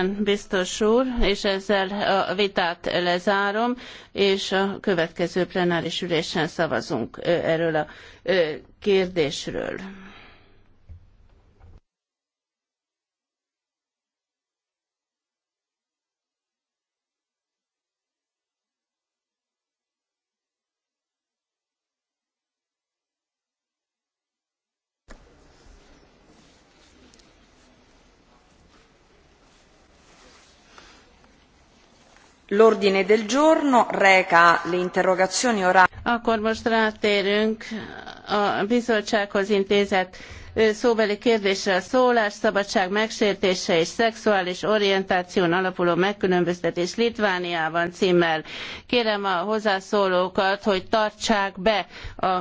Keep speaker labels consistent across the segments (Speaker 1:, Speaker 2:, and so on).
Speaker 1: szépen, biztos úr, és ezzel a vitát lezárom, és a következő plenáris ülésen szavazunk erről a kérdésről.
Speaker 2: L'ordine del giorno reca le
Speaker 1: interrogazioni orali. Akkor most rátérünk a bizottsághoz intézett szóbeli kérdésre a szólás, szabadság megsértése és szexuális orientáción alapuló megkülönböztetés Litvániában címmel. Kérem a hozzászólókat, hogy tartsák be a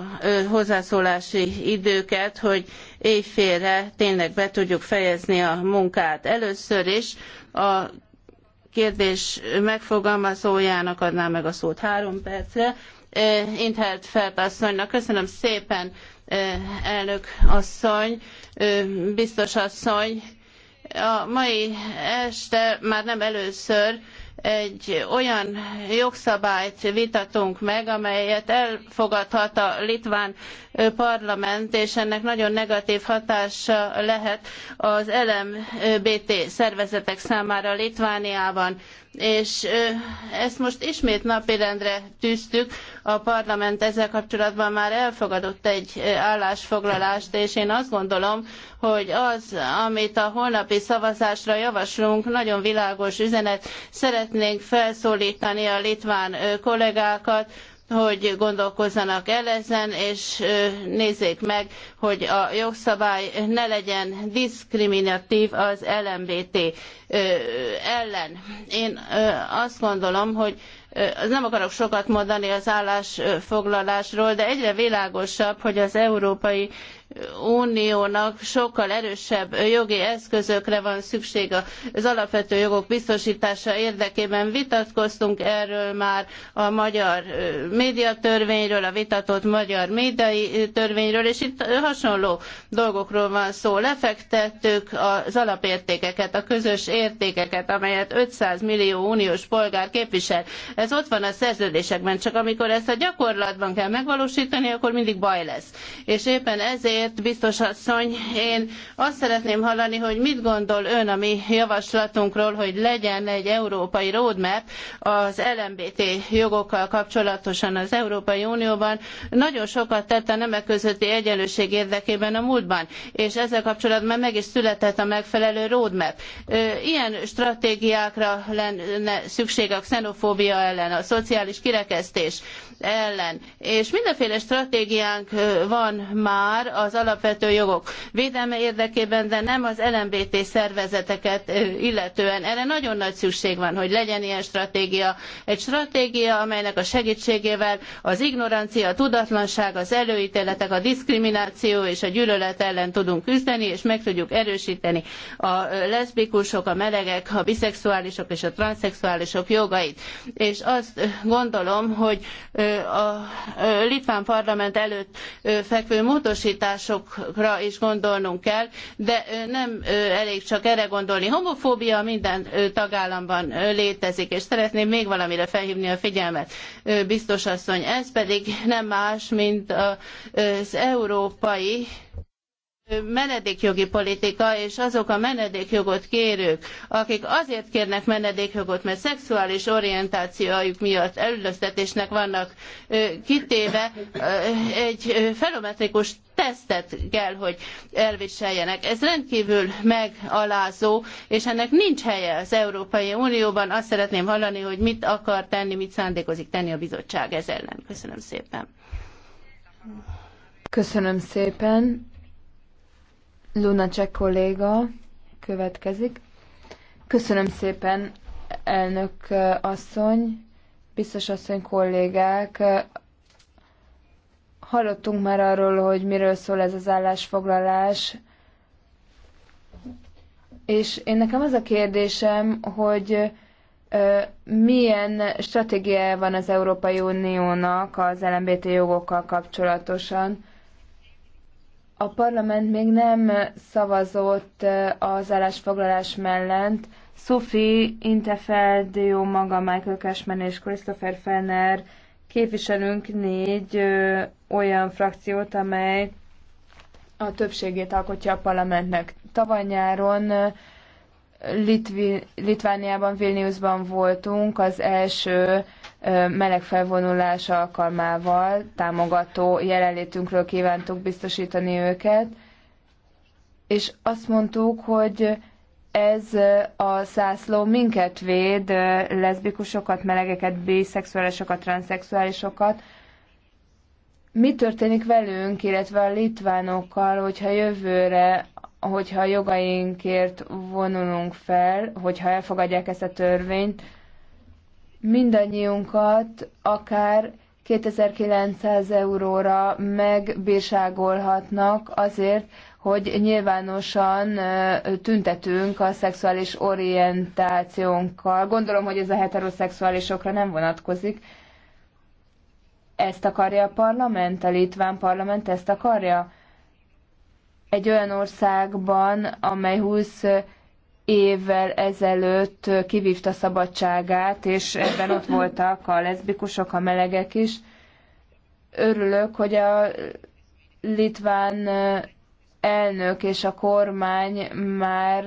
Speaker 1: hozzászólási időket, hogy éjfélre tényleg be tudjuk fejezni a munkát. Először is a kérdés megfogalmazójának adnám meg a szót három percre. Intelt Fert asszonynak köszönöm szépen, elnök asszony, biztos asszony. A mai este már nem először egy olyan jogszabályt vitatunk meg, amelyet elfogadhat a litván parlament, és ennek nagyon negatív hatása lehet az LMBT szervezetek számára Litvániában és ezt most ismét napirendre tűztük. A parlament ezzel kapcsolatban már elfogadott egy állásfoglalást, és én azt gondolom, hogy az, amit a holnapi szavazásra javaslunk, nagyon világos üzenet. Szeretnénk felszólítani a litván kollégákat, hogy gondolkozzanak el ezen, és nézzék meg, hogy a jogszabály ne legyen diszkriminatív az LMBT ellen. Én azt gondolom, hogy nem akarok sokat mondani az állásfoglalásról, de egyre világosabb, hogy az Európai Uniónak sokkal erősebb jogi eszközökre van szükség az alapvető jogok biztosítása érdekében. Vitatkoztunk erről már a magyar médiatörvényről, a vitatott magyar médiai törvényről, és itt hasonló dolgokról van szó. Lefektettük az alapértékeket, a közös értékeket, amelyet 500 millió uniós polgár képvisel. Ez ott van a szerződésekben, csak amikor ezt a gyakorlatban kell megvalósítani, akkor mindig baj lesz. És éppen ezért ezért, biztos asszony, én azt szeretném hallani, hogy mit gondol ön a mi javaslatunkról, hogy legyen egy európai roadmap az LMBT jogokkal kapcsolatosan az Európai Unióban. Nagyon sokat tett a nemek közötti egyenlőség érdekében a múltban, és ezzel kapcsolatban meg is született a megfelelő roadmap. Ilyen stratégiákra lenne szükség a xenofóbia ellen, a szociális kirekesztés ellen, és mindenféle stratégiánk van már az az alapvető jogok védelme érdekében, de nem az LMBT szervezeteket illetően. Erre nagyon nagy szükség van, hogy legyen ilyen stratégia. Egy stratégia, amelynek a segítségével az ignorancia, a tudatlanság, az előítéletek, a diszkrimináció és a gyűlölet ellen tudunk küzdeni, és meg tudjuk erősíteni a leszbikusok, a melegek, a biszexuálisok és a transzexuálisok jogait. És azt gondolom, hogy a litván parlament előtt fekvő módosítás megoldásokra is gondolnunk kell, de nem elég csak erre gondolni. Homofóbia minden tagállamban létezik, és szeretném még valamire felhívni a figyelmet, biztos asszony. Ez pedig nem más, mint az európai menedékjogi politika, és azok a menedékjogot kérők, akik azért kérnek menedékjogot, mert szexuális orientációjuk miatt elülöztetésnek vannak kitéve, egy felometrikus tesztet kell, hogy elviseljenek. Ez rendkívül megalázó, és ennek nincs helye az Európai Unióban. Azt szeretném hallani, hogy mit akar tenni, mit szándékozik tenni a bizottság ez
Speaker 3: ellen. Köszönöm szépen. Köszönöm szépen. Cseh kolléga következik. Köszönöm szépen, elnök asszony, biztos asszony kollégák. Hallottunk már arról, hogy miről szól ez az állásfoglalás. És én nekem az a kérdésem, hogy milyen stratégiája van az Európai Uniónak az LMBT jogokkal kapcsolatosan? a parlament még nem szavazott az állásfoglalás mellett. Sophie Intefeld, jó maga, Michael Cashman és Christopher Fenner képviselünk négy ö, olyan frakciót, amely a többségét alkotja a parlamentnek. Tavaly nyáron Litvi, Litvániában, Vilniusban voltunk az első meleg felvonulás alkalmával támogató jelenlétünkről kívántuk biztosítani őket, és azt mondtuk, hogy ez a szászló minket véd, leszbikusokat, melegeket, biszexuálisokat, transzexuálisokat. Mi történik velünk, illetve a litvánokkal, hogyha jövőre, hogyha jogainkért vonulunk fel, hogyha elfogadják ezt a törvényt, mindannyiunkat akár 2900 euróra megbírságolhatnak azért, hogy nyilvánosan tüntetünk a szexuális orientációnkkal. Gondolom, hogy ez a heteroszexuálisokra nem vonatkozik. Ezt akarja a parlament, a litván parlament ezt akarja? Egy olyan országban, amely 20 évvel ezelőtt kivívta szabadságát, és ebben ott voltak a leszbikusok, a melegek is. Örülök, hogy a litván elnök és a kormány már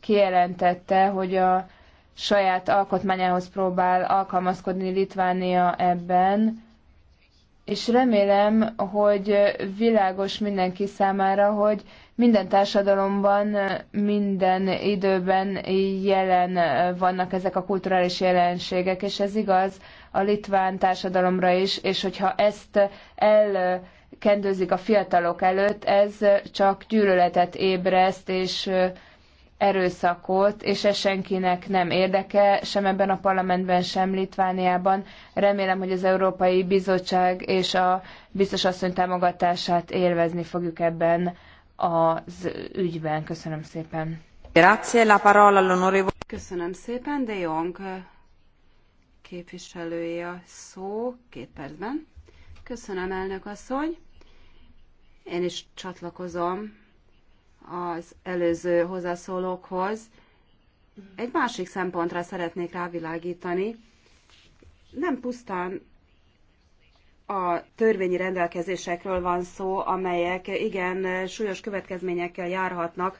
Speaker 3: kijelentette, hogy a saját alkotmányához próbál alkalmazkodni Litvánia ebben, és remélem, hogy világos mindenki számára, hogy minden társadalomban, minden időben jelen vannak ezek a kulturális jelenségek, és ez igaz a litván társadalomra is, és hogyha ezt elkendőzik a fiatalok előtt, ez csak gyűlöletet ébreszt, és erőszakot, és ez senkinek nem érdeke, sem ebben a parlamentben, sem Litvániában. Remélem, hogy az Európai Bizottság és a biztos asszony támogatását élvezni fogjuk ebben az ügyben. Köszönöm szépen. Grazie, la parola all'onorevole.
Speaker 2: Köszönöm szépen, de Jong képviselője a szó két percben. Köszönöm, elnök asszony. Én is csatlakozom az előző hozzászólókhoz. Egy másik szempontra szeretnék rávilágítani. Nem pusztán a törvényi rendelkezésekről van szó, amelyek igen súlyos következményekkel járhatnak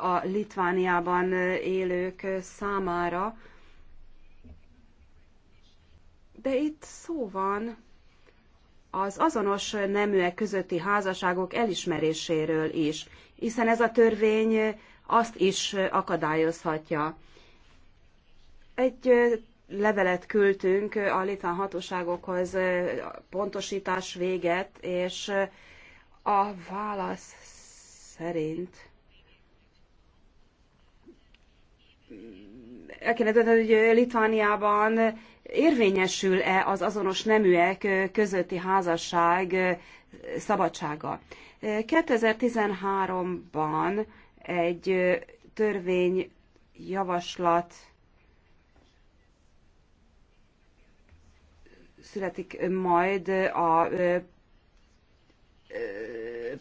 Speaker 2: a Litvániában élők számára. De itt szó van az azonos neműek közötti házasságok elismeréséről is, hiszen ez a törvény azt is akadályozhatja. Egy levelet küldtünk a litván hatóságokhoz pontosítás véget, és a válasz szerint el kéne hogy Litvániában érvényesül-e az azonos neműek közötti házasság szabadsága. 2013-ban egy törvényjavaslat születik majd a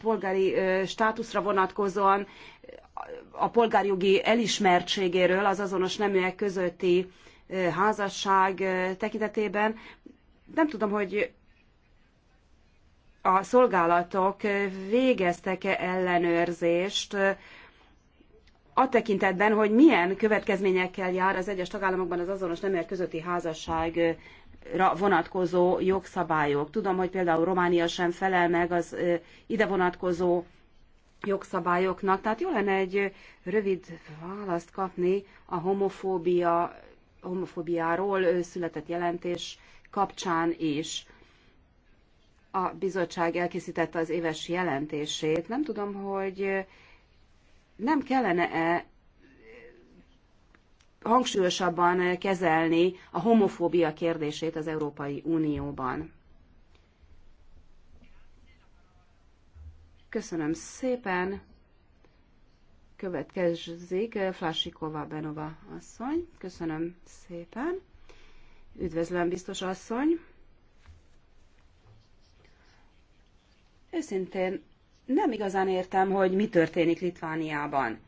Speaker 2: polgári státuszra vonatkozóan a polgárjogi elismertségéről az azonos neműek közötti házasság tekintetében. Nem tudom, hogy a szolgálatok végeztek-e ellenőrzést a tekintetben, hogy milyen következményekkel jár az egyes tagállamokban az azonos nemek közötti házasság vonatkozó jogszabályok. Tudom, hogy például Románia sem felel meg az ide vonatkozó jogszabályoknak, tehát jó lenne egy rövid választ kapni a homofóbia homofóbiáról született jelentés kapcsán is. A bizottság elkészítette az éves jelentését. Nem tudom, hogy nem kellene-e hangsúlyosabban kezelni a homofóbia kérdését az Európai Unióban. Köszönöm szépen következzék eh, Flasikova Benova asszony. Köszönöm szépen. Üdvözlöm, biztos asszony. Őszintén nem igazán értem, hogy mi történik Litvániában.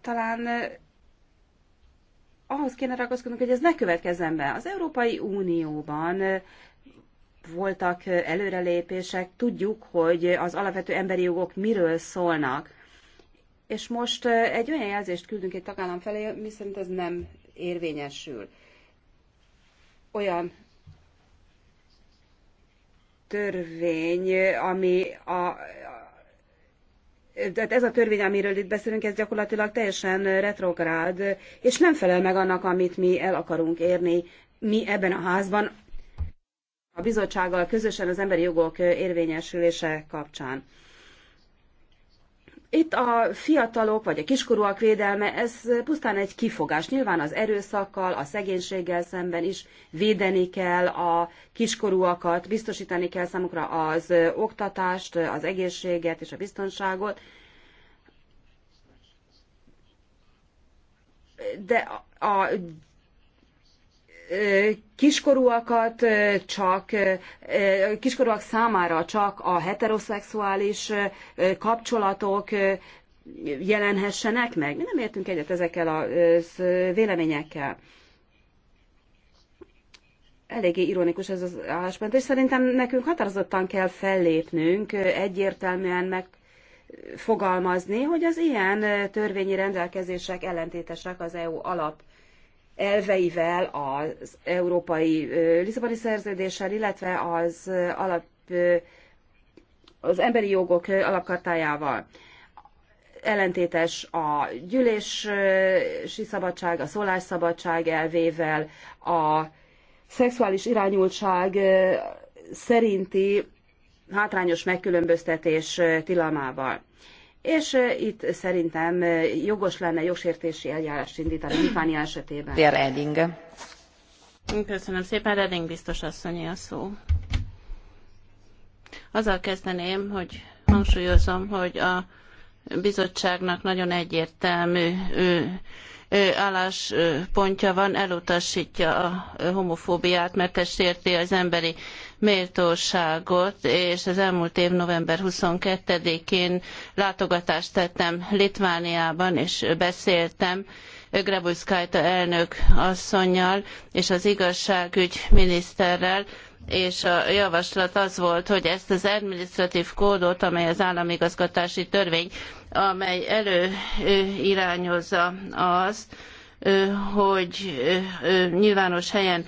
Speaker 2: Talán eh, ahhoz kéne ragaszkodnunk, hogy ez ne következzen be. Az Európai Unióban eh, voltak előrelépések, tudjuk, hogy az alapvető emberi jogok miről szólnak. És most egy olyan jelzést küldünk egy tagállam felé, miszerint ez nem érvényesül. Olyan törvény, ami a, tehát ez a törvény, amiről itt beszélünk, ez gyakorlatilag teljesen retrográd, és nem felel meg annak, amit mi el akarunk érni, mi ebben a házban, a bizottsággal közösen az emberi jogok érvényesülése kapcsán. Itt a fiatalok vagy a kiskorúak védelme, ez pusztán egy kifogás. Nyilván az erőszakkal, a szegénységgel szemben is védeni kell a kiskorúakat, biztosítani kell számukra az oktatást, az egészséget és a biztonságot. De a kiskorúakat csak, kiskorúak számára csak a heteroszexuális kapcsolatok jelenhessenek meg. Mi nem értünk egyet ezekkel a véleményekkel. Eléggé ironikus ez az álláspont, és szerintem nekünk határozottan kell fellépnünk, egyértelműen meg fogalmazni, hogy az ilyen törvényi rendelkezések ellentétesek az EU alap elveivel, az európai Lisszaboni szerződéssel, illetve az alap az emberi jogok alapkartájával. Ellentétes a gyűlési szabadság, a szólásszabadság elvével, a szexuális irányultság szerinti hátrányos megkülönböztetés tilalmával és itt szerintem jogos lenne jogsértési eljárást indítani Litvánia esetében. Reding. Köszönöm szépen, Reding biztos
Speaker 1: asszonyi a szó. Azzal kezdeném, hogy hangsúlyozom, hogy a bizottságnak nagyon egyértelmű ő, álláspontja van, elutasítja a homofóbiát, mert ez sérti az emberi méltóságot, és az elmúlt év november 22-én látogatást tettem Litvániában, és beszéltem Grabulskajta elnök asszonnyal és az igazságügy miniszterrel, és a javaslat az volt, hogy ezt az administratív kódot, amely az államigazgatási törvény, amely előirányozza azt, hogy nyilvános helyen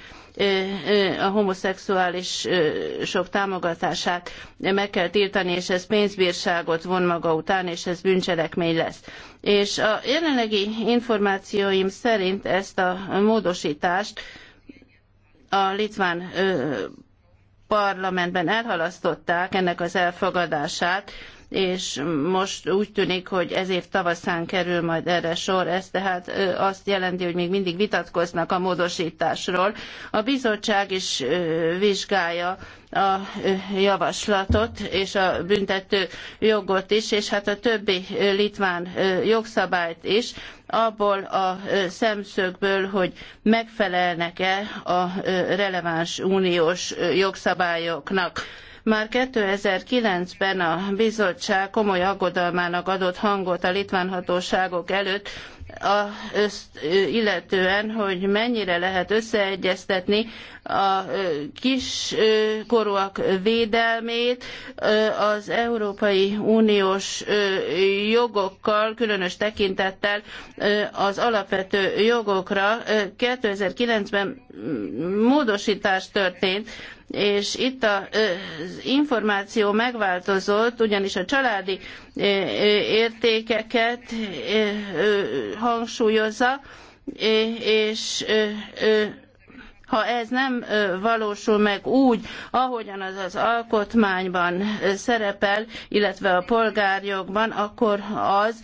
Speaker 1: a homoszexuálisok támogatását meg kell tiltani, és ez pénzbírságot von maga után, és ez bűncselekmény lesz. És a jelenlegi információim szerint ezt a módosítást a litván parlamentben elhalasztották ennek az elfogadását, és most úgy tűnik, hogy ez év tavaszán kerül majd erre sor. Ez tehát azt jelenti, hogy még mindig vitatkoznak a módosításról. A bizottság is vizsgálja a javaslatot és a büntető jogot is, és hát a többi litván jogszabályt is, abból a szemszögből, hogy megfelelnek-e a releváns uniós jogszabályoknak már 2009-ben a bizottság komoly aggodalmának adott hangot a litván hatóságok előtt, a, öszt, illetően, hogy mennyire lehet összeegyeztetni a kiskorúak védelmét az Európai Uniós jogokkal, különös tekintettel az alapvető jogokra. 2009-ben módosítás történt, és itt az információ megváltozott, ugyanis a családi értékeket hangsúlyozza, és ha ez nem valósul meg úgy, ahogyan az az alkotmányban szerepel, illetve a polgárjogban, akkor az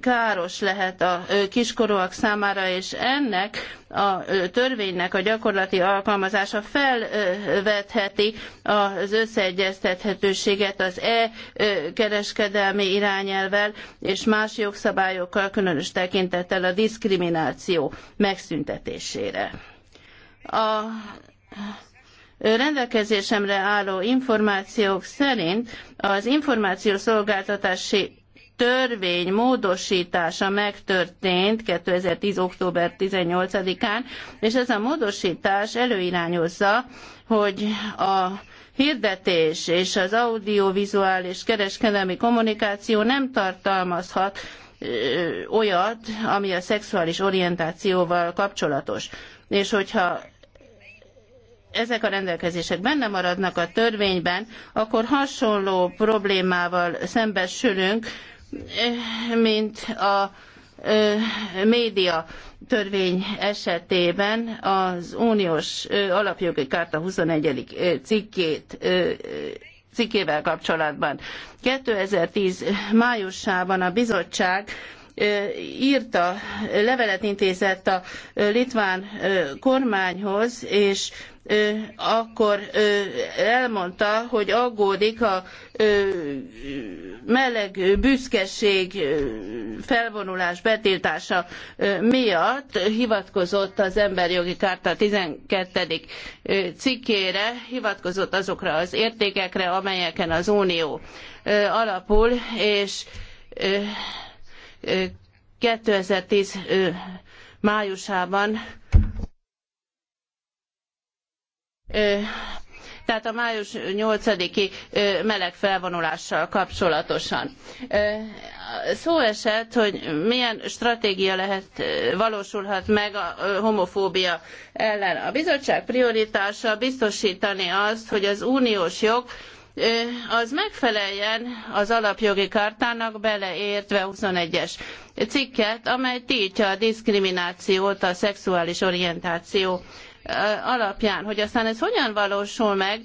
Speaker 1: káros lehet a kiskorúak számára, és ennek a törvénynek a gyakorlati alkalmazása felvetheti az összeegyeztethetőséget az e-kereskedelmi irányelvel és más jogszabályokkal, különös tekintettel a diszkrimináció megszüntetésére. A rendelkezésemre álló információk szerint az információszolgáltatási törvény módosítása megtörtént 2010. október 18-án, és ez a módosítás előirányozza, hogy a hirdetés és az audiovizuális kereskedelmi kommunikáció nem tartalmazhat olyat, ami a szexuális orientációval kapcsolatos és hogyha ezek a rendelkezések benne maradnak a törvényben, akkor hasonló problémával szembesülünk, mint a média törvény esetében az uniós alapjogi kárta 21. cikkét cikkével kapcsolatban. 2010 májusában a bizottság írta, levelet intézett a litván kormányhoz, és akkor elmondta, hogy aggódik a meleg büszkeség felvonulás betiltása miatt, hivatkozott az emberjogi kárta 12. cikkére, hivatkozott azokra az értékekre, amelyeken az Unió alapul, és 2010 májusában tehát a május 8-i meleg felvonulással kapcsolatosan. Szó esett, hogy milyen stratégia lehet, valósulhat meg a homofóbia ellen. A bizottság prioritása biztosítani azt, hogy az uniós jog az megfeleljen az alapjogi kartának beleértve 21-es cikket, amely tiltja a diszkriminációt a szexuális orientáció alapján. Hogy aztán ez hogyan valósul meg,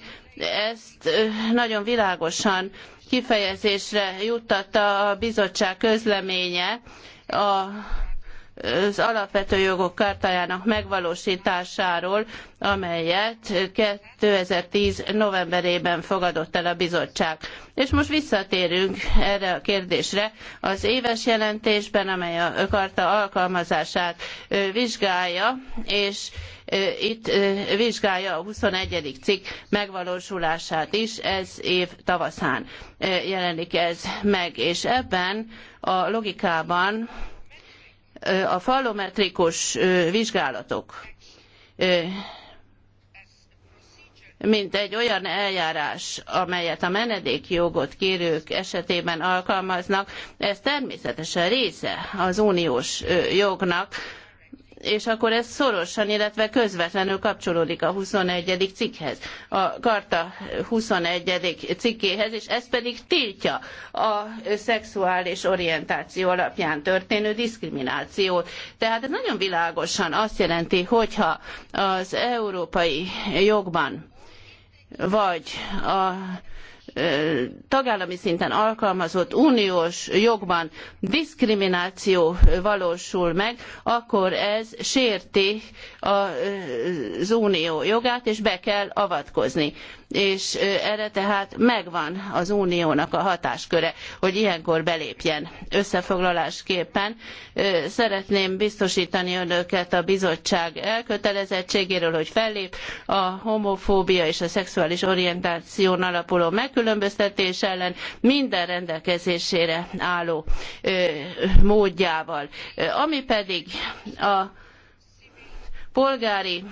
Speaker 1: ezt nagyon világosan kifejezésre juttatta a bizottság közleménye a az alapvető jogok kártájának megvalósításáról, amelyet 2010. novemberében fogadott el a bizottság. És most visszatérünk erre a kérdésre. Az éves jelentésben, amely a karta alkalmazását vizsgálja, és itt vizsgálja a 21. cikk megvalósulását is, ez év tavaszán jelenik ez meg, és ebben a logikában a fallometrikus vizsgálatok mint egy olyan eljárás, amelyet a menedékjogot kérők esetében alkalmaznak, ez természetesen része az uniós jognak, és akkor ez szorosan, illetve közvetlenül kapcsolódik a 21. cikkhez, a karta 21. cikkéhez, és ez pedig tiltja a szexuális orientáció alapján történő diszkriminációt. Tehát ez nagyon világosan azt jelenti, hogyha az európai jogban vagy a tagállami szinten alkalmazott uniós jogban diszkrimináció valósul meg, akkor ez sérti az unió jogát, és be kell avatkozni és erre tehát megvan az uniónak a hatásköre, hogy ilyenkor belépjen. Összefoglalásképpen szeretném biztosítani önöket a bizottság elkötelezettségéről, hogy fellép a homofóbia és a szexuális orientáción alapuló megkülönböztetés ellen minden rendelkezésére álló módjával. Ami pedig a polgári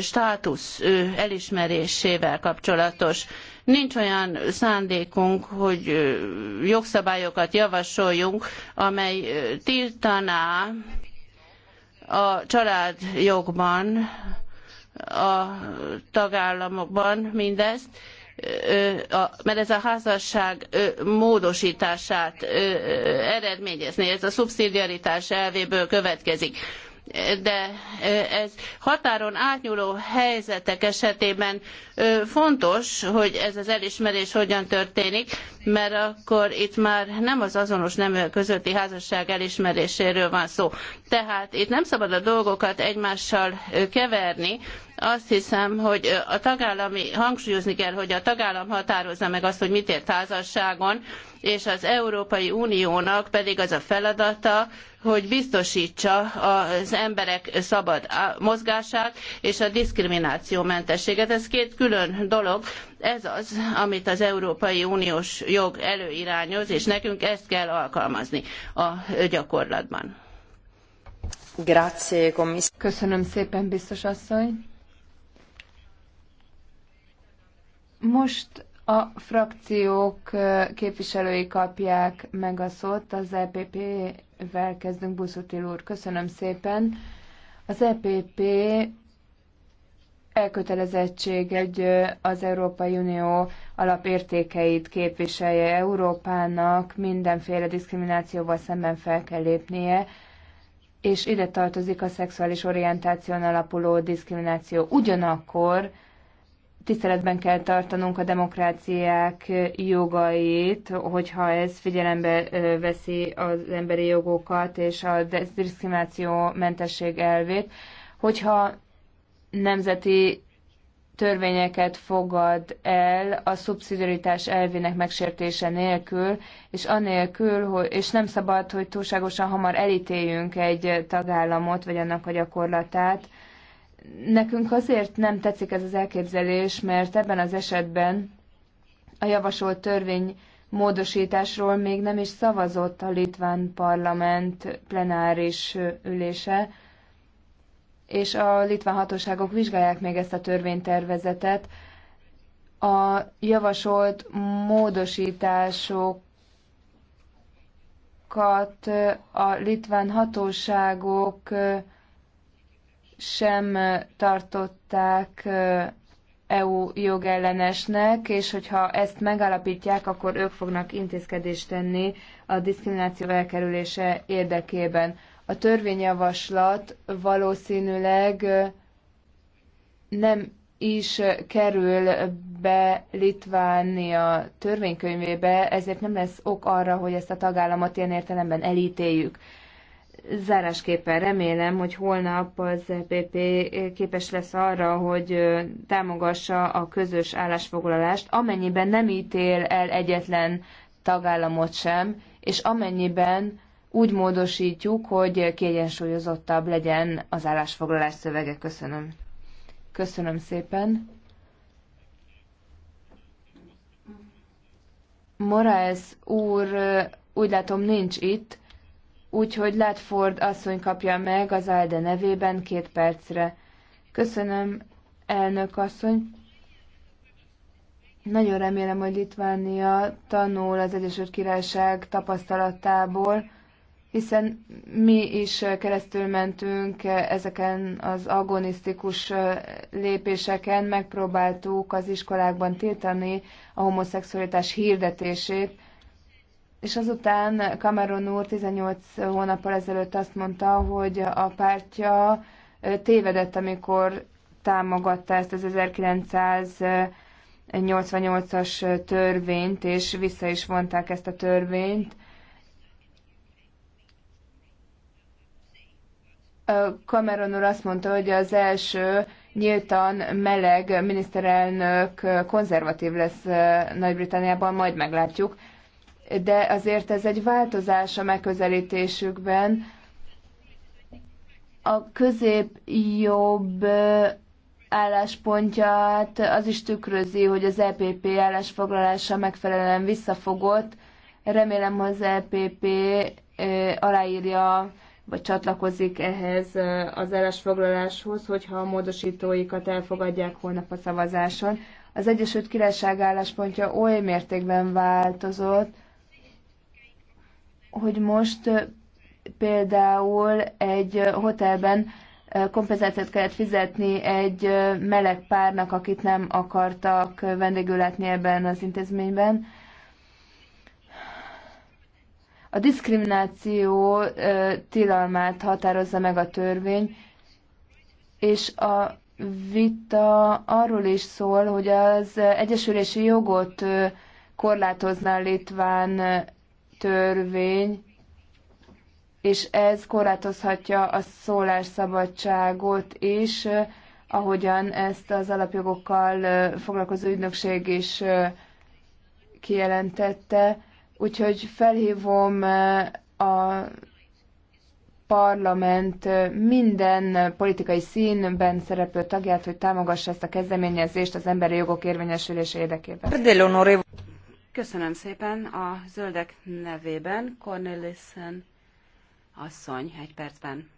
Speaker 1: státusz elismerésével kapcsolatos. Nincs olyan szándékunk, hogy jogszabályokat javasoljunk, amely tiltaná a családjogban, a tagállamokban mindezt, mert ez a házasság módosítását eredményezné, ez a szubszidiaritás elvéből következik de ez határon átnyúló helyzetek esetében fontos, hogy ez az elismerés hogyan történik, mert akkor itt már nem az azonos neműek közötti házasság elismeréséről van szó. Tehát itt nem szabad a dolgokat egymással keverni, azt hiszem, hogy a tagállami, hangsúlyozni kell, hogy a tagállam határozza meg azt, hogy mit ért házasságon, és az Európai Uniónak pedig az a feladata, hogy biztosítsa az emberek szabad mozgását és a diszkriminációmentességet. Ez két külön dolog. Ez az, amit az Európai Uniós jog előirányoz, és nekünk ezt kell alkalmazni a gyakorlatban.
Speaker 3: Grazie, Köszönöm szépen, biztos asszony. Most a frakciók képviselői kapják meg a szót. Az EPP-vel kezdünk, Buszutil úr. Köszönöm szépen. Az EPP elkötelezettség egy az Európai Unió alapértékeit képviselje Európának, mindenféle diszkriminációval szemben fel kell lépnie, és ide tartozik a szexuális orientáción alapuló diszkrimináció. Ugyanakkor tiszteletben kell tartanunk a demokráciák jogait, hogyha ez figyelembe veszi az emberi jogokat és a diszkrimináció mentesség elvét, hogyha nemzeti törvényeket fogad el a szubszidiaritás elvének megsértése nélkül, és anélkül, hogy, és nem szabad, hogy túlságosan hamar elítéljünk egy tagállamot, vagy annak a gyakorlatát, Nekünk azért nem tetszik ez az elképzelés, mert ebben az esetben a javasolt törvény módosításról még nem is szavazott a litván parlament plenáris ülése, és a litván hatóságok vizsgálják még ezt a törvénytervezetet. A javasolt módosításokat a litván hatóságok sem tartották EU jogellenesnek, és hogyha ezt megállapítják, akkor ők fognak intézkedést tenni a diszkrimináció elkerülése érdekében. A törvényjavaslat valószínűleg nem is kerül be Litvánia törvénykönyvébe, ezért nem lesz ok arra, hogy ezt a tagállamot ilyen értelemben elítéljük. Zárásképpen remélem, hogy holnap az EPP képes lesz arra, hogy támogassa a közös állásfoglalást, amennyiben nem ítél el egyetlen tagállamot sem, és amennyiben úgy módosítjuk, hogy kiegyensúlyozottabb legyen az állásfoglalás szövege. Köszönöm. Köszönöm szépen. Moraes úr úgy látom nincs itt, Úgyhogy Ledford asszony kapja meg az Alde nevében két percre. Köszönöm, elnök asszony. Nagyon remélem, hogy Litvánia tanul az Egyesült Királyság tapasztalatából, hiszen mi is keresztül mentünk ezeken az agonisztikus lépéseken, megpróbáltuk az iskolákban tiltani a homoszexualitás hirdetését, és azután Cameron úr 18 hónappal ezelőtt azt mondta, hogy a pártja tévedett, amikor támogatta ezt az 1988-as törvényt, és vissza is vonták ezt a törvényt. Cameron úr azt mondta, hogy az első nyíltan meleg miniszterelnök konzervatív lesz Nagy-Britanniában, majd meglátjuk de azért ez egy változás a megközelítésükben. A közép-jobb álláspontját az is tükrözi, hogy az EPP állásfoglalása megfelelően visszafogott. Remélem, hogy az EPP aláírja vagy csatlakozik ehhez az állásfoglaláshoz, hogyha a módosítóikat elfogadják holnap a szavazáson. Az Egyesült Királyság álláspontja oly mértékben változott, hogy most például egy hotelben kompenzációt kellett fizetni egy meleg párnak, akit nem akartak vendégül látni ebben az intézményben. A diszkrimináció tilalmát határozza meg a törvény, és a vita arról is szól, hogy az egyesülési jogot korlátozná Litván törvény, és ez korlátozhatja a szólásszabadságot is, ahogyan ezt az alapjogokkal foglalkozó ügynökség is kijelentette. Úgyhogy felhívom a parlament minden politikai színben szereplő tagját, hogy támogassa ezt a kezdeményezést az emberi jogok érvényesülése érdekében.
Speaker 2: Köszönöm szépen a zöldek nevében Cornelissen asszony egy percben.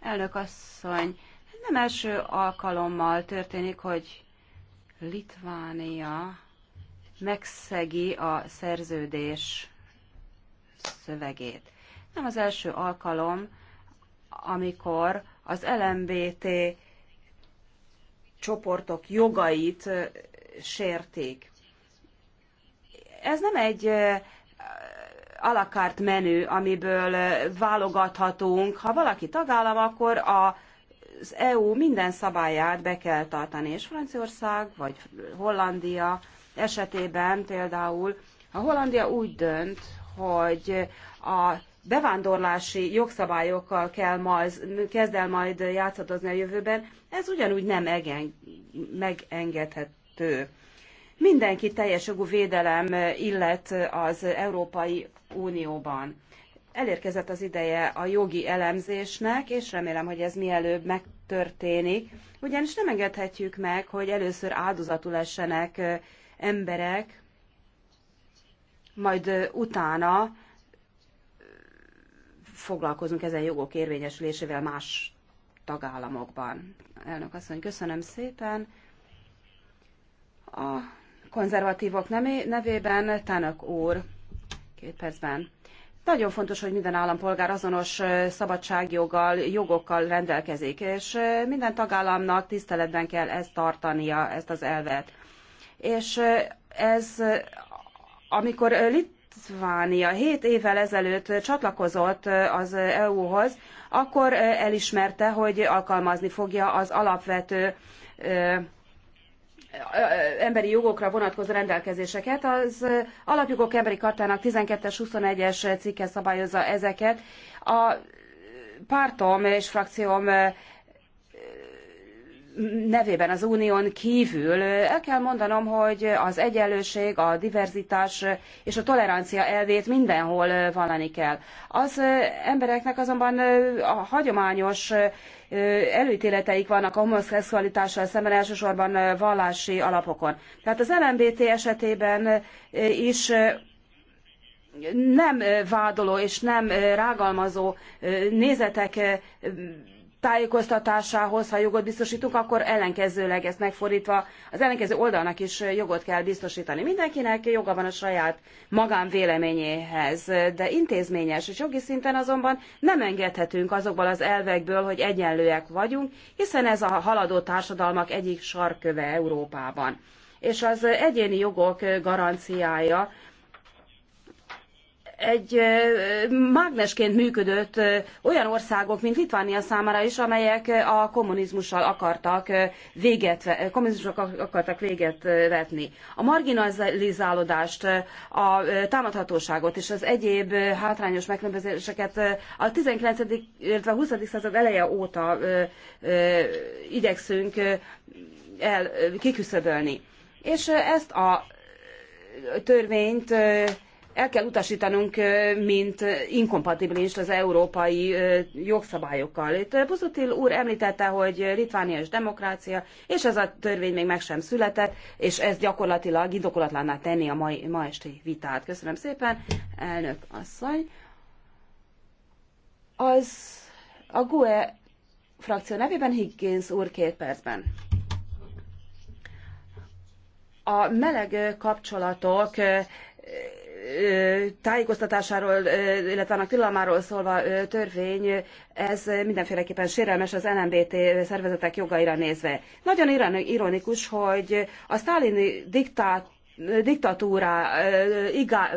Speaker 2: Elnök asszony, nem első alkalommal történik, hogy Litvánia megszegi a szerződés szövegét. Nem az első alkalom, amikor az LMBT csoportok jogait sértik. Ez nem egy alakart menü, amiből válogathatunk. Ha valaki tagállam, akkor a az EU minden szabályát be kell tartani, és Franciaország vagy Hollandia esetében például, ha Hollandia úgy dönt, hogy a bevándorlási jogszabályokkal kell majd, kezd el majd játszadozni a jövőben, ez ugyanúgy nem egen, megengedhető mindenki teljes jogú védelem illet az Európai Unióban. Elérkezett az ideje a jogi elemzésnek, és remélem, hogy ez mielőbb megtörténik, ugyanis nem engedhetjük meg, hogy először áldozatul essenek emberek, majd utána foglalkozunk ezen jogok érvényesülésével más tagállamokban. Elnök asszony, köszönöm szépen. A konzervatívok nevében Tanök úr. Két percben. Nagyon fontos, hogy minden állampolgár azonos szabadságjoggal, jogokkal rendelkezik, és minden tagállamnak tiszteletben kell ezt tartania, ezt az elvet. És ez, amikor Litvánia hét évvel ezelőtt csatlakozott az EU-hoz, akkor elismerte, hogy alkalmazni fogja az alapvető emberi jogokra vonatkozó rendelkezéseket. Az alapjogok emberi kartának 12-es, 21-es cikke szabályozza ezeket. A pártom és frakcióm nevében az unión kívül. El kell mondanom, hogy az egyenlőség, a diverzitás és a tolerancia elvét mindenhol vallani kell. Az embereknek azonban a hagyományos előítéleteik vannak a homoszexualitással szemben elsősorban vallási alapokon. Tehát az LMBT esetében is nem vádoló és nem rágalmazó nézetek tájékoztatásához, ha jogot biztosítunk, akkor ellenkezőleg ezt megfordítva az ellenkező oldalnak is jogot kell biztosítani. Mindenkinek joga van a saját magánvéleményéhez, de intézményes és jogi szinten azonban nem engedhetünk azokból az elvekből, hogy egyenlőek vagyunk, hiszen ez a haladó társadalmak egyik sarköve Európában. És az egyéni jogok garanciája egy mágnesként működött olyan országok, mint Litvánia számára is, amelyek a kommunizmussal akartak véget, kommunizmusok akartak véget vetni. A marginalizálódást, a támadhatóságot és az egyéb hátrányos megkülönbözéseket a 19. illetve 20. század eleje óta igyekszünk el kiküszöbölni. És ezt a törvényt el kell utasítanunk, mint inkompatibilis az európai jogszabályokkal. Itt Buzutil úr említette, hogy Litvánia és demokrácia, és ez a törvény még meg sem született, és ez gyakorlatilag indokolatlanná tenni a mai, ma esti vitát. Köszönöm szépen, elnök asszony. Az a GUE frakció nevében Higgins úr két percben. A meleg kapcsolatok tájékoztatásáról, illetve annak tilalmáról szólva törvény, ez mindenféleképpen sérelmes az LMBT szervezetek jogaira nézve. Nagyon ironikus, hogy a sztálini diktát diktatúra igá,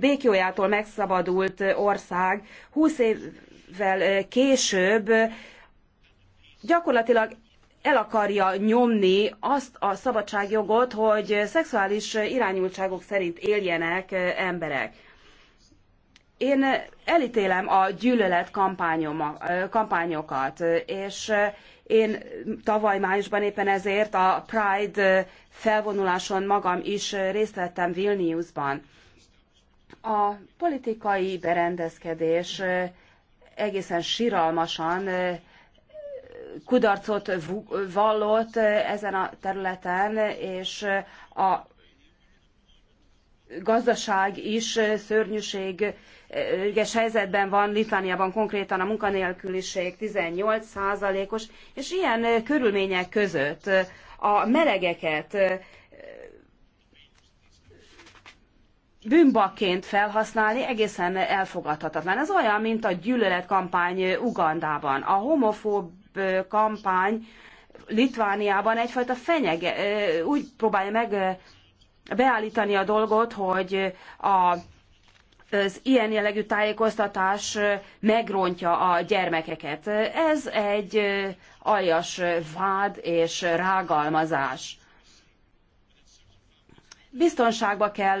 Speaker 2: békjójától megszabadult ország 20 évvel később gyakorlatilag el akarja nyomni azt a szabadságjogot, hogy szexuális irányultságok szerint éljenek emberek. Én elítélem a gyűlölet kampányokat, és én tavaly májusban éppen ezért a Pride felvonuláson magam is részt vettem Vilniusban. A politikai berendezkedés egészen siralmasan kudarcot vallott eh, ezen a területen, és eh, a gazdaság is eh, ügyes helyzetben van, Litvániában konkrétan a munkanélküliség 18 százalékos és ilyen körülmények között a melegeket bűnbakként felhasználni egészen elfogadhatatlan. Ez olyan, mint a gyűlöletkampány Ugandában. A homofób kampány Litvániában egyfajta fenyege, úgy próbálja meg beállítani a dolgot, hogy a az ilyen jellegű tájékoztatás megrontja a gyermekeket. Ez egy aljas vád és rágalmazás. Biztonságba kell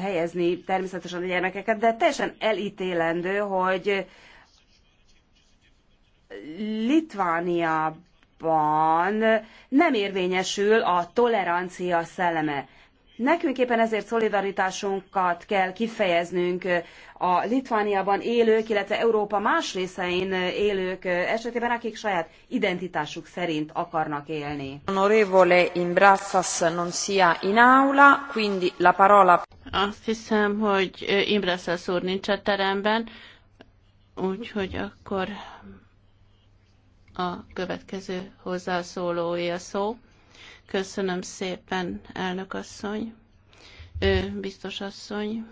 Speaker 2: helyezni természetesen a gyermekeket, de teljesen elítélendő, hogy Litvániában nem érvényesül a tolerancia szelleme. Nekünk éppen ezért szolidaritásunkat kell kifejeznünk a Litvániában élők, illetve Európa más részein élők esetében, akik saját identitásuk szerint akarnak élni. Honorevole Imbrassas non sia in aula, quindi la parola...
Speaker 1: Azt hiszem, hogy Imbrassas úr nincs a teremben, úgyhogy akkor a következő hozzászólója szó. Köszönöm szépen, elnök asszony, ő, biztos asszony.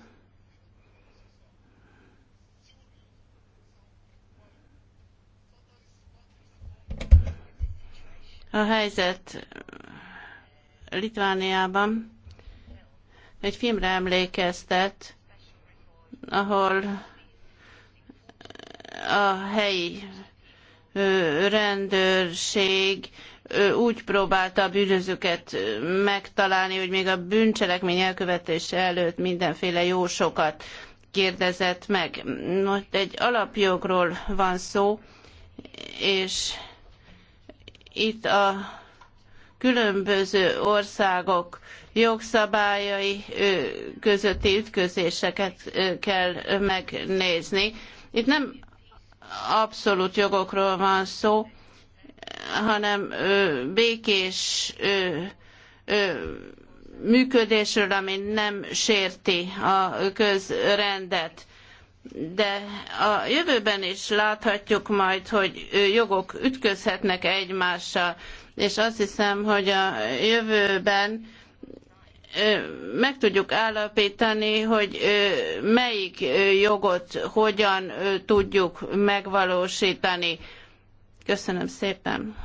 Speaker 1: A helyzet Litvániában egy filmre emlékeztet, ahol a helyi rendőrség úgy próbálta a bűnözőket megtalálni, hogy még a bűncselekmény elkövetése előtt mindenféle sokat kérdezett meg. Most egy alapjogról van szó, és itt a különböző országok jogszabályai közötti ütközéseket kell megnézni. Itt nem abszolút jogokról van szó, hanem békés működésről, ami nem sérti a közrendet. De a jövőben is láthatjuk majd, hogy jogok ütközhetnek egymással, és azt hiszem, hogy a jövőben meg tudjuk állapítani, hogy melyik jogot hogyan tudjuk megvalósítani. Köszönöm szépen.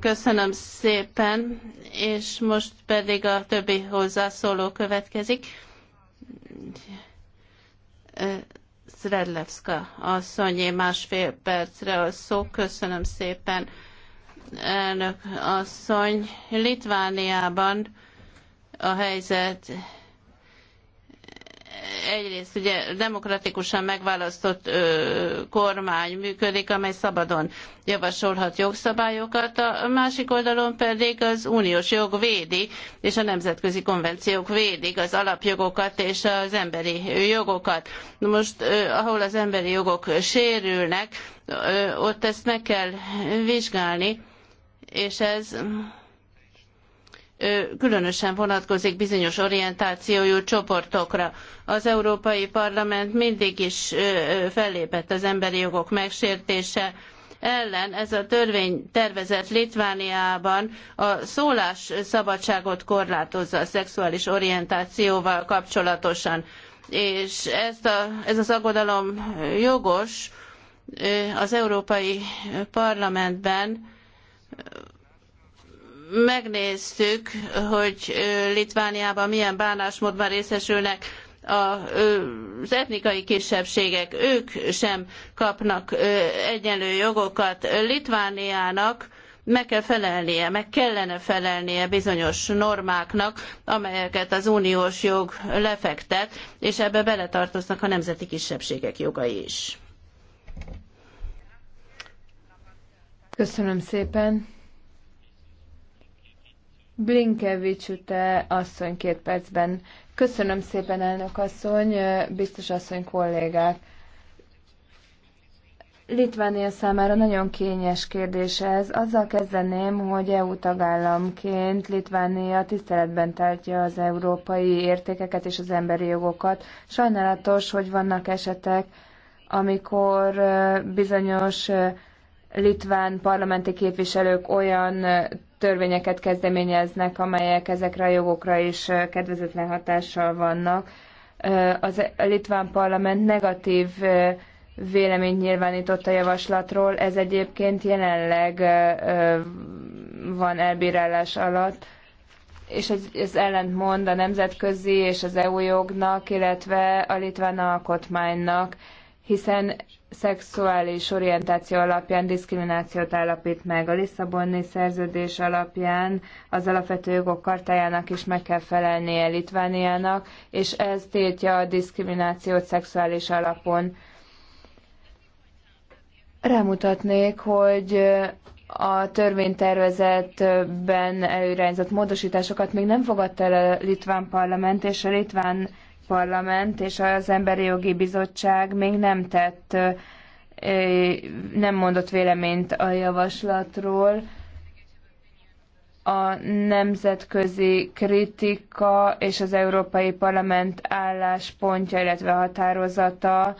Speaker 1: Köszönöm szépen, és most pedig a többi hozzászóló következik. Zredlevska asszonyé másfél percre a szó. Köszönöm szépen, elnök asszony. Litvániában a helyzet egyrészt ugye demokratikusan megválasztott ö, kormány működik, amely szabadon javasolhat jogszabályokat, a másik oldalon pedig az uniós jog védi, és a nemzetközi konvenciók védik az alapjogokat és az emberi jogokat. Most, ö, ahol az emberi jogok sérülnek, ö, ott ezt meg kell vizsgálni, és ez különösen vonatkozik bizonyos orientációjú csoportokra. Az Európai Parlament mindig is fellépett az emberi jogok megsértése ellen ez a törvény tervezett Litvániában a szólásszabadságot korlátozza a szexuális orientációval kapcsolatosan. És ezt a, ez az aggodalom jogos az Európai Parlamentben megnéztük, hogy Litvániában milyen bánásmódban részesülnek az etnikai kisebbségek, ők sem kapnak egyenlő jogokat. Litvániának meg kell felelnie, meg kellene felelnie bizonyos normáknak, amelyeket az uniós jog lefektet, és ebbe beletartoznak a nemzeti kisebbségek jogai is.
Speaker 3: Köszönöm szépen. Blinkevics üte asszony két percben. Köszönöm szépen, elnök asszony, biztos asszony kollégák. Litvánia számára nagyon kényes kérdés ez. Azzal kezdeném, hogy EU tagállamként Litvánia tiszteletben tartja az európai értékeket és az emberi jogokat. Sajnálatos, hogy vannak esetek, amikor bizonyos litván parlamenti képviselők olyan törvényeket kezdeményeznek, amelyek ezekre a jogokra is kedvezőtlen hatással vannak. Az litván parlament negatív véleményt nyilvánított a javaslatról, ez egyébként jelenleg van elbírálás alatt, és ez, ez ellentmond a nemzetközi és az EU jognak, illetve a litván alkotmánynak, hiszen szexuális orientáció alapján diszkriminációt állapít meg. A Lisszaboni szerződés alapján az alapvető jogok kartájának is meg kell felelnie Litvániának, és ez tiltja a diszkriminációt szexuális alapon. Rámutatnék, hogy a törvénytervezetben előirányzott módosításokat még nem fogadta el a litván parlament, és a litván Parlament és az Emberi Jogi Bizottság még nem tett, nem mondott véleményt a javaslatról. A nemzetközi kritika és az Európai Parlament álláspontja, illetve határozata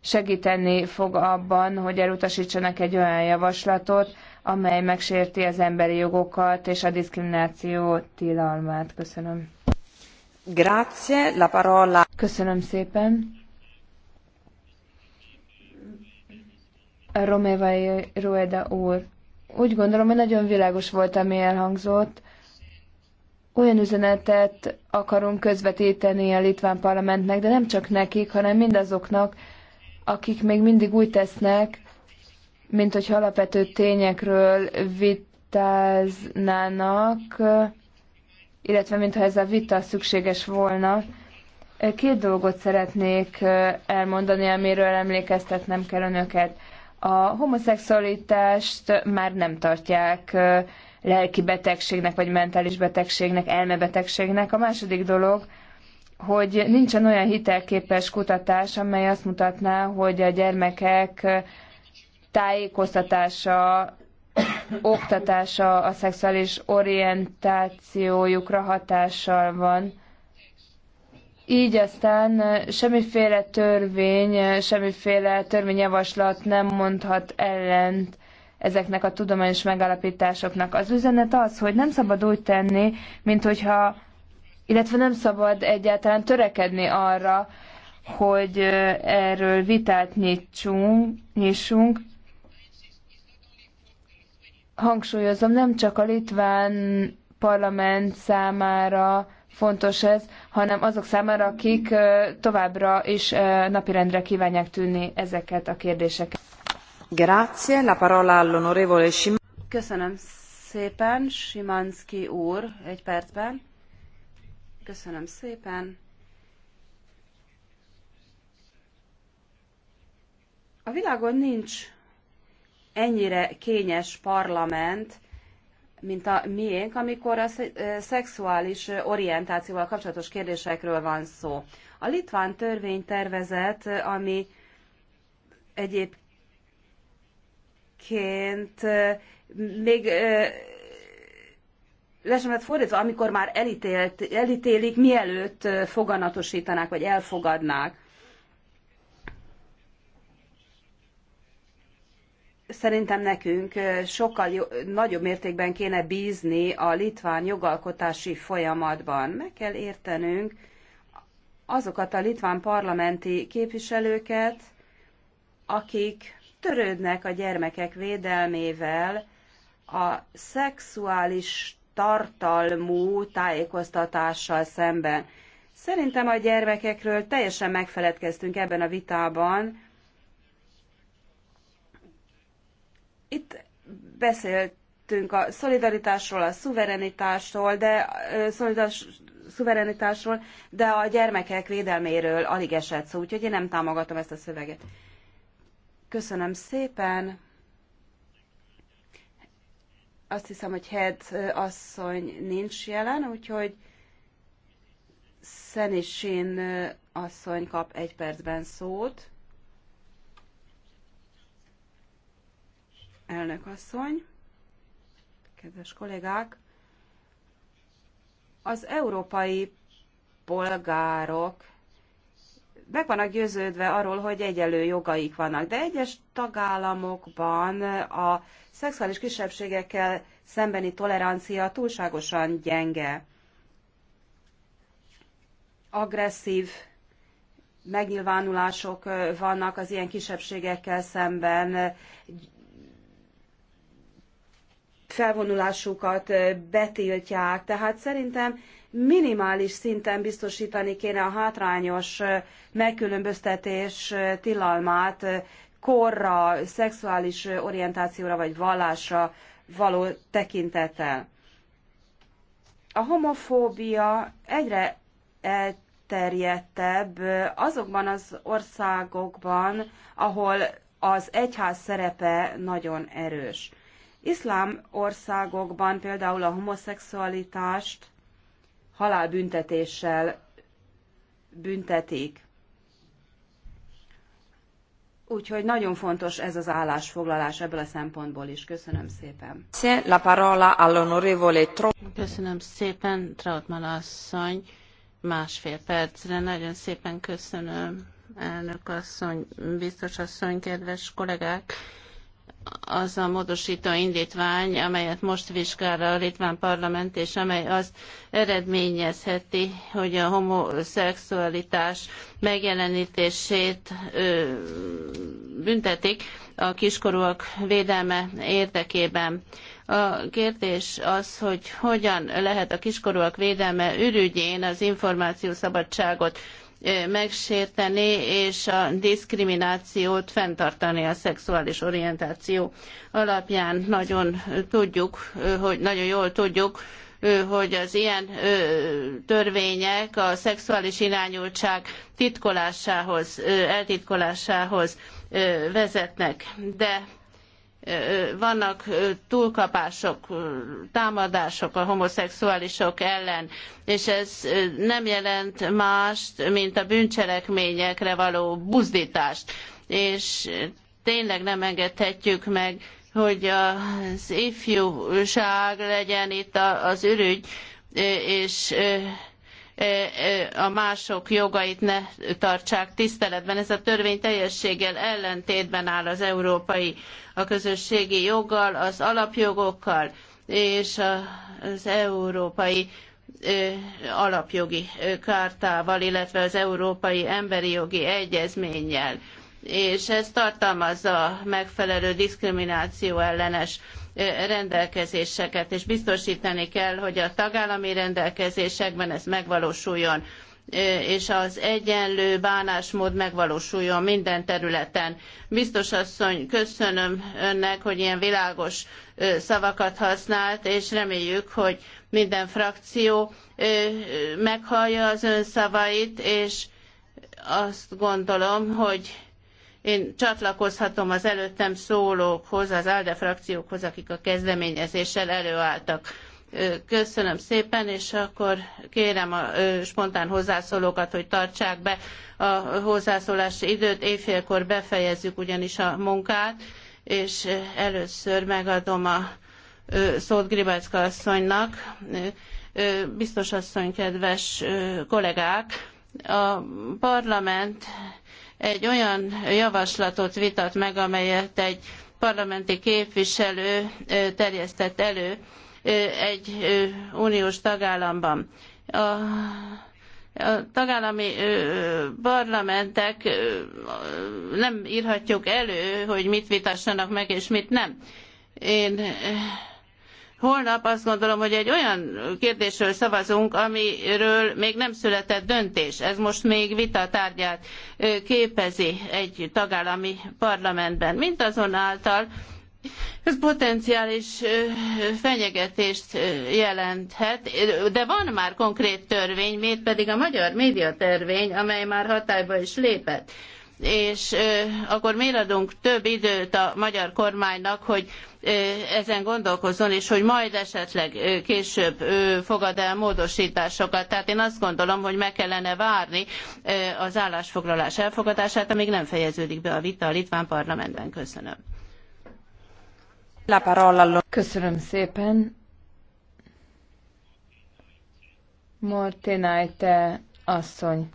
Speaker 3: segíteni fog abban, hogy elutasítsanak egy olyan javaslatot, amely megsérti az emberi jogokat és a diszkrimináció tilalmát. Köszönöm. Grazie, la parola. Köszönöm szépen. Romevai Rueda úr. Úgy gondolom, hogy nagyon világos volt, ami elhangzott. Olyan üzenetet akarunk közvetíteni a litván parlamentnek, de nem csak nekik, hanem mindazoknak, akik még mindig úgy tesznek, mint hogy alapvető tényekről vitáznának, illetve mintha ez a vita szükséges volna. Két dolgot szeretnék elmondani, amiről emlékeztetnem kell önöket. A homoszexualitást már nem tartják lelki betegségnek, vagy mentális betegségnek, elmebetegségnek. A második dolog, hogy nincsen olyan hitelképes kutatás, amely azt mutatná, hogy a gyermekek tájékoztatása oktatása a szexuális orientációjukra hatással van. Így aztán semmiféle törvény, semmiféle törvényjavaslat nem mondhat ellent ezeknek a tudományos megállapításoknak. Az üzenet az, hogy nem szabad úgy tenni, mint hogyha, illetve nem szabad egyáltalán törekedni arra, hogy erről vitát nyitsunk, nyissunk, hangsúlyozom, nem csak a litván parlament számára fontos ez, hanem azok számára, akik továbbra is napirendre kívánják tűnni ezeket a kérdéseket. Grazie, la parola all'onorevole Sim- Köszönöm
Speaker 2: szépen, Simanski úr, egy percben. Köszönöm szépen. A világon nincs ennyire kényes parlament, mint a miénk, amikor a szexuális orientációval kapcsolatos kérdésekről van szó. A litván törvénytervezet, ami egyébként még le sem lett fordítva, amikor már elítélt, elítélik, mielőtt foganatosítanák vagy elfogadnák. szerintem nekünk sokkal jó, nagyobb mértékben kéne bízni a litván jogalkotási folyamatban. Meg kell értenünk azokat a litván parlamenti képviselőket, akik törődnek a gyermekek védelmével, a szexuális tartalmú tájékoztatással szemben. Szerintem a gyermekekről teljesen megfeledkeztünk ebben a vitában, Itt beszéltünk a szolidaritásról, a szuverenitásról, de szolidaritás, szuverenitásról, de a gyermekek védelméről alig esett szó, úgyhogy én nem támogatom ezt a szöveget. Köszönöm szépen. Azt hiszem, hogy Head asszony nincs jelen, úgyhogy Szenisin asszony kap egy percben szót. elnök asszony, kedves kollégák! Az európai polgárok meg vannak győződve arról, hogy egyelő jogaik vannak, de egyes tagállamokban a szexuális kisebbségekkel szembeni tolerancia túlságosan gyenge. Agresszív megnyilvánulások vannak az ilyen kisebbségekkel szemben, felvonulásukat betiltják. Tehát szerintem minimális szinten biztosítani kéne a hátrányos megkülönböztetés tilalmát korra, szexuális orientációra vagy vallásra való tekintettel. A homofóbia egyre elterjedtebb azokban az országokban, ahol az egyház szerepe nagyon erős iszlám országokban például a homoszexualitást halálbüntetéssel büntetik. Úgyhogy nagyon fontos ez az állásfoglalás ebből a szempontból is. Köszönöm szépen. La parola all'onorevole Köszönöm szépen, Trautmann asszony.
Speaker 1: Másfél percre. Nagyon szépen köszönöm, elnök asszony, biztos asszony, kedves kollégák az a módosító indítvány, amelyet most vizsgál a Litván Parlament, és amely azt eredményezheti, hogy a homoszexualitás megjelenítését ö, büntetik a kiskorúak védelme érdekében. A kérdés az, hogy hogyan lehet a kiskorúak védelme ürügyén az információszabadságot megsérteni és a diszkriminációt fenntartani a szexuális orientáció alapján. Nagyon tudjuk, hogy nagyon jól tudjuk, hogy az ilyen törvények a szexuális irányultság titkolásához, eltitkolásához vezetnek. De vannak túlkapások, támadások a homoszexuálisok ellen, és ez nem jelent mást, mint a bűncselekményekre való buzdítást. És tényleg nem engedhetjük meg, hogy az ifjúság legyen itt az ürügy, és a mások jogait ne tartsák tiszteletben. Ez a törvény teljességgel ellentétben áll az európai, a közösségi joggal, az alapjogokkal és az európai alapjogi kártával, illetve az Európai Emberi Jogi Egyezménnyel és ez tartalmazza megfelelő diszkrimináció ellenes rendelkezéseket, és biztosítani kell, hogy a tagállami rendelkezésekben ez megvalósuljon és az egyenlő bánásmód megvalósuljon minden területen. Biztos asszony, köszönöm önnek, hogy ilyen világos szavakat használt, és reméljük, hogy minden frakció meghallja az ön szavait, és azt gondolom, hogy én csatlakozhatom az előttem szólókhoz, az ALDE frakciókhoz, akik a kezdeményezéssel előálltak. Köszönöm szépen, és akkor kérem a spontán hozzászólókat, hogy tartsák be a hozzászólási időt. Éjfélkor befejezzük ugyanis a munkát, és először megadom a szót Gribacka asszonynak. Biztos asszony, kedves kollégák, a parlament egy olyan javaslatot vitat meg, amelyet egy parlamenti képviselő terjesztett elő egy uniós tagállamban. A a tagállami parlamentek nem írhatjuk elő, hogy mit vitassanak meg és mit nem. Én Holnap azt gondolom, hogy egy olyan kérdésről szavazunk, amiről még nem született döntés. Ez most még vita tárgyát képezi egy tagállami parlamentben. Mindazonáltal ez potenciális fenyegetést jelenthet, de van már konkrét törvény, mégpedig a magyar médiatörvény, amely már hatályba is lépett és akkor miért adunk több időt a magyar kormánynak, hogy ezen gondolkozzon, és hogy majd esetleg később fogad el módosításokat. Tehát én azt gondolom, hogy meg kellene várni az állásfoglalás elfogadását, amíg nem fejeződik be a vita a
Speaker 3: litván parlamentben. Köszönöm. Köszönöm szépen. Mortinajte asszony.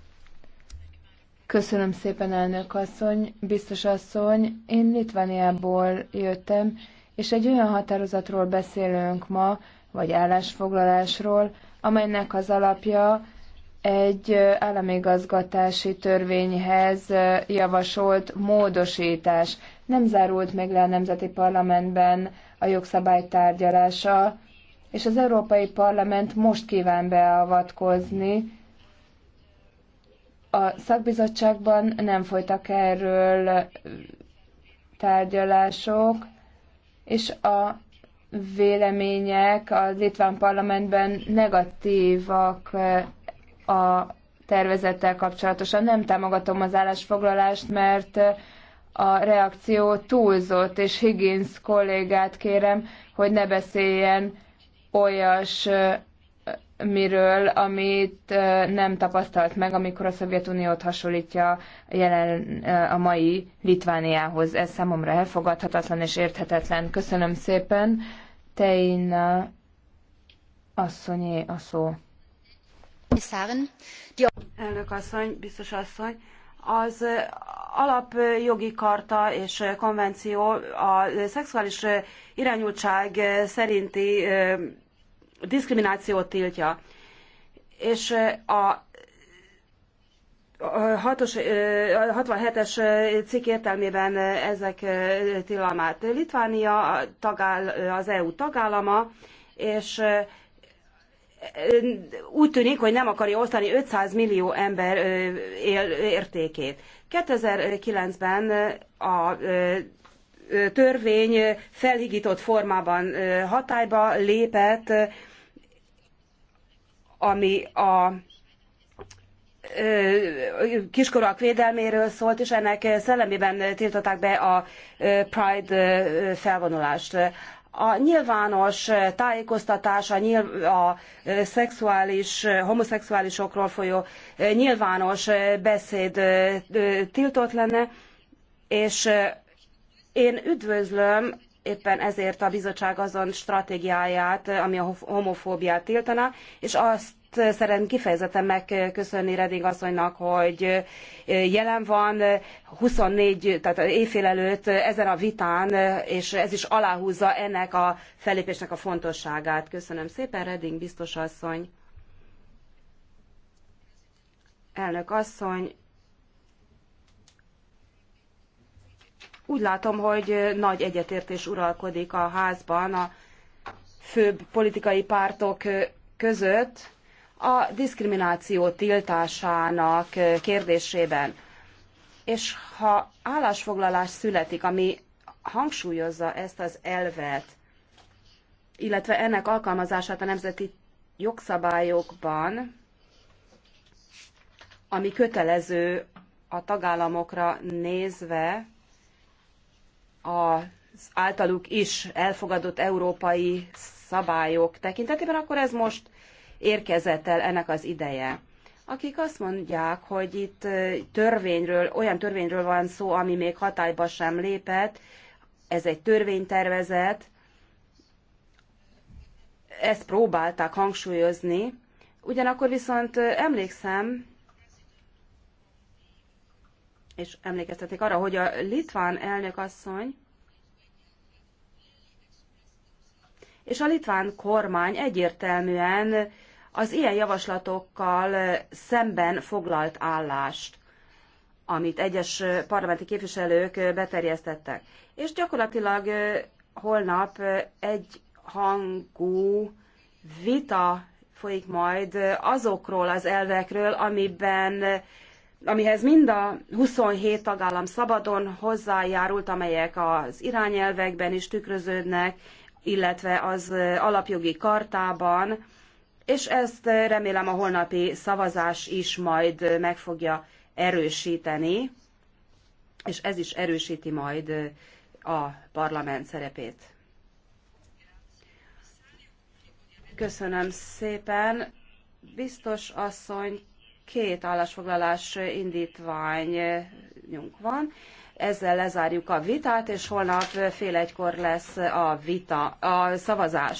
Speaker 3: Köszönöm szépen, elnök asszony, biztos asszony. Én Litvániából jöttem, és egy olyan határozatról beszélünk ma, vagy állásfoglalásról, amelynek az alapja egy államigazgatási törvényhez javasolt módosítás. Nem zárult még le a Nemzeti Parlamentben a jogszabály tárgyalása, és az Európai Parlament most kíván beavatkozni, a szakbizottságban nem folytak erről tárgyalások, és a vélemények a litván parlamentben negatívak eh, a tervezettel kapcsolatosan. Nem támogatom az állásfoglalást, mert eh, a reakció túlzott, és Higgins kollégát kérem, hogy ne beszéljen olyas eh, miről, amit nem tapasztalt meg, amikor a Szovjetuniót hasonlítja jelen a mai Litvániához. Ez számomra elfogadhatatlan és érthetetlen. Köszönöm szépen. Teina asszonyé a szó.
Speaker 2: Elnök asszony, biztos asszony, az alapjogi karta és konvenció a szexuális irányultság szerinti diszkriminációt tiltja. És a 6 67-es cikk értelmében ezek tilalmát. Litvánia tagáll, az EU tagállama, és úgy tűnik, hogy nem akarja osztani 500 millió ember értékét. 2009-ben a törvény felhigított formában hatályba lépett, ami a kiskorúak védelméről szólt, és ennek szellemében tiltották be a Pride felvonulást. A nyilvános tájékoztatás, a, nyilv, a szexuális, homoszexuálisokról folyó nyilvános beszéd tiltott lenne, és én üdvözlöm éppen ezért a bizottság azon stratégiáját, ami a homofóbiát tiltaná, és azt szeretném kifejezetten megköszönni Reding asszonynak, hogy jelen van 24, tehát éjfél előtt ezen a vitán, és ez is aláhúzza ennek a fellépésnek a fontosságát. Köszönöm szépen, Reding biztos asszony. Elnök asszony, Úgy látom, hogy nagy egyetértés uralkodik a házban a főbb politikai pártok között a diszkrimináció tiltásának kérdésében. És ha állásfoglalás születik, ami hangsúlyozza ezt az elvet, illetve ennek alkalmazását a nemzeti jogszabályokban, ami kötelező a tagállamokra nézve, az általuk is elfogadott európai szabályok tekintetében, akkor ez most érkezett el ennek az ideje. Akik azt mondják, hogy itt törvényről, olyan törvényről van szó, ami még hatályba sem lépett, ez egy törvénytervezet, ezt próbálták hangsúlyozni, ugyanakkor viszont emlékszem, és emlékeztetnék arra, hogy a litván asszony és a litván kormány egyértelműen az ilyen javaslatokkal szemben foglalt állást, amit egyes parlamenti képviselők beterjesztettek. És gyakorlatilag holnap egy hangú vita folyik majd azokról az elvekről, amiben amihez mind a 27 tagállam szabadon hozzájárult, amelyek az irányelvekben is tükröződnek, illetve az alapjogi kartában, és ezt remélem a holnapi szavazás is majd meg fogja erősíteni, és ez is erősíti majd a parlament szerepét. Köszönöm szépen. Biztos asszonyt két állásfoglalás indítványunk van. Ezzel lezárjuk a vitát, és holnap fél egykor lesz a, vita, a szavazás.